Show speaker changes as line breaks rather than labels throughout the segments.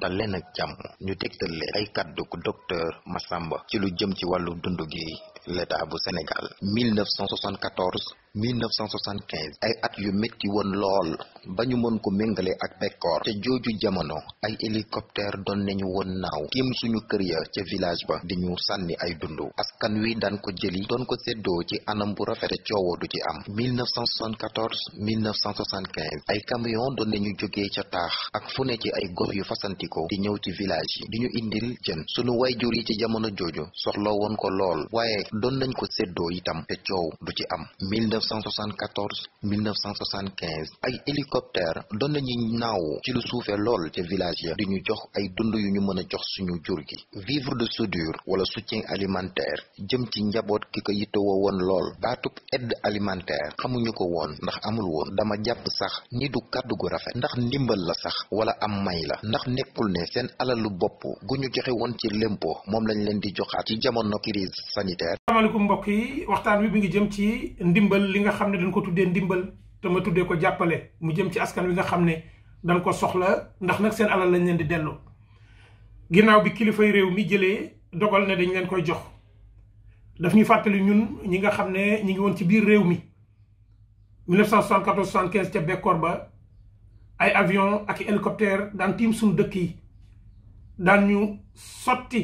daleen ak jàmm ñu tegtal leen ay kàddu docteur Massamba ci lu jëm ci wàllu dundu gi l'État bu Sénégal 1974 1975 ay at yu métti woon lool ba ñu mën ko méngale ak bekkoor te jooju jamono ay hélicoptère doon nañu woon naaw tiim suñu kër ya ca village ba di ñu sànni ay dundu askan wi daan ko jëli doon ko séddoo ci anam bu rafete coowoo du ci am 1974 1975 ay camion doon ñu jógee ca taax ak fu ne ci ay gox yu fasantikoo di ñëw ci village yi di ñu indil jën waay jur yi ci jamono jooju soxla woon ko lool waaye doon nañ ko séddoo itam te coow du ci am 1974 1975 ay hélicoptère doon nañu naaw ci lu suufee lool ca village ya di ñu jox ay dund yu ñu mën a jox suñu jur gi vivre de soudure wala soutien alimentaire jëm ci njaboot ki ko yittewoo woon lool baatub aide alimentaire xamuñu ko woon ndax amul woon dama jàpp sax ni du kàddu gu rafet ndax ndimbal la sax wala am may la ndax nekkul ne seen alalu bopp gu ñu joxe woon ci lempo moom lañ leen di joxaat ci jamono crise sanitaire
asalaamaaleykum mbokk yi waxtaan wi mi ngi jëm ci ndimbal li nga xam ne dañ ko tuddee ndimbal te ma tuddee ko jàppale mu jëm ci askan wi nga xam ne dañ ko soxla ndax nag seen alal lañ leen di delloo ginnaaw bi kilifay réew mi jëlee dogal ne dañ leen koy jox daf ñuy fàttali ñun ñi nga xam ne ñi ngi woon ci biir réew mi 1974 75 ca bekkoor ba ay avion ak hélicoptère daan tiim suñ dëkk yi daan ñu sotti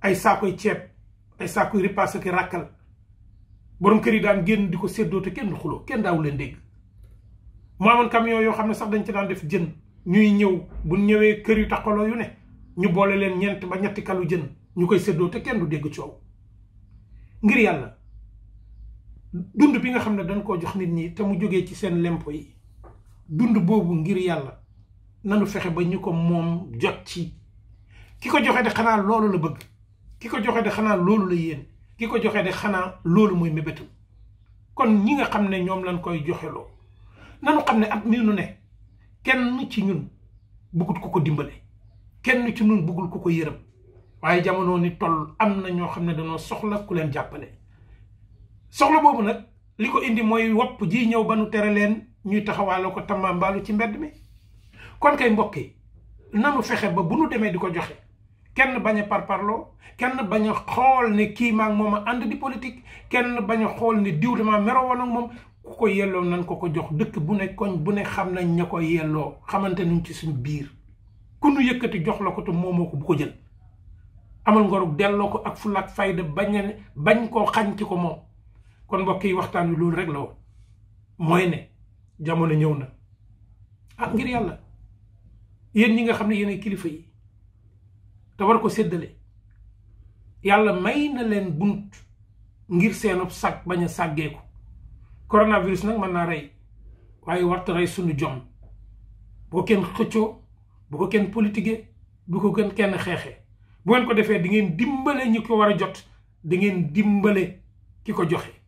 ay saakoy ceeb ay saakuy ripaas ak ràkkal borom kër yi daan génn di ko seddoo te kenn xuloo kenn daawu leen dégg mu amoon camion yoo xam ne sax dañ ci daan def jën ñuy ñëw bu ñëwee kër yu taxaloo yu ne ñu boole leen ñeent ba ñetti kalu jën ñu koy séddoo te kenn du dégg coow ngir yàlla dund bi nga xam ne dañ koo jox nit ñi te mu jógee ci seen lempo yi dund boobu ngir yàlla nanu fexe ba ñu ko moom jot ci ki ko joxe de xanaa loolu la bëgg ki ko joxe di xanaa loolu la yéen ki ko joxe di xanaa loolu mooy mébétam kon ñi nga xam ne ñoom lañ koy joxeloo nanu xam ne at mii nu ne kenn ci ñun bëggul ko dimbale kenn ci ñun bëggul ku ko yërëm waaye jamono ni toll am na ñoo xam ne dañoo soxla ku leen jàppale soxla boobu nag li ko indi mooy wopp ji ñëw ba nu tere leen ñuy taxawaale ko tamambaalu ci mbedd mi kon kay mbokk yi nanu fexe ba bu nu demee di ko joxe kenn bañ parparloo kenn bañ xool ni kii maag moom a ànd di politique kenn bañ a xool ne diw dama meroo woon moom ku ko yelloo nan ko ko jox dëkk bu ne koñ bu ne xam nañ ña ko yelloo xamante nuñ ci suñu biir ku nu yëkkati jox la ko te moomoo ko bu ko jël amal ngorug delloo ko ak fulla ak fayda bañ bañ koo xañ ci ko moom kon mbokk yi waxtaan wi loolu rek la woon mooy ne jamono ñëw na ah ngir yàlla yéen ñi nga xam ne yéen kilifa yi te war ko séddale yàlla may na leen bunt ngir seenu sag bañ a sàggeeku coronavirus nag mën naa rey waaye warta rey sunu jom bu ko kenn xëccoo bu ko kenn politique bu ko gën kenn xeexee bu ngeen ko defee di ngeen dimbale ñi ko war a jot dangeen ngeen dimbale ki ko joxe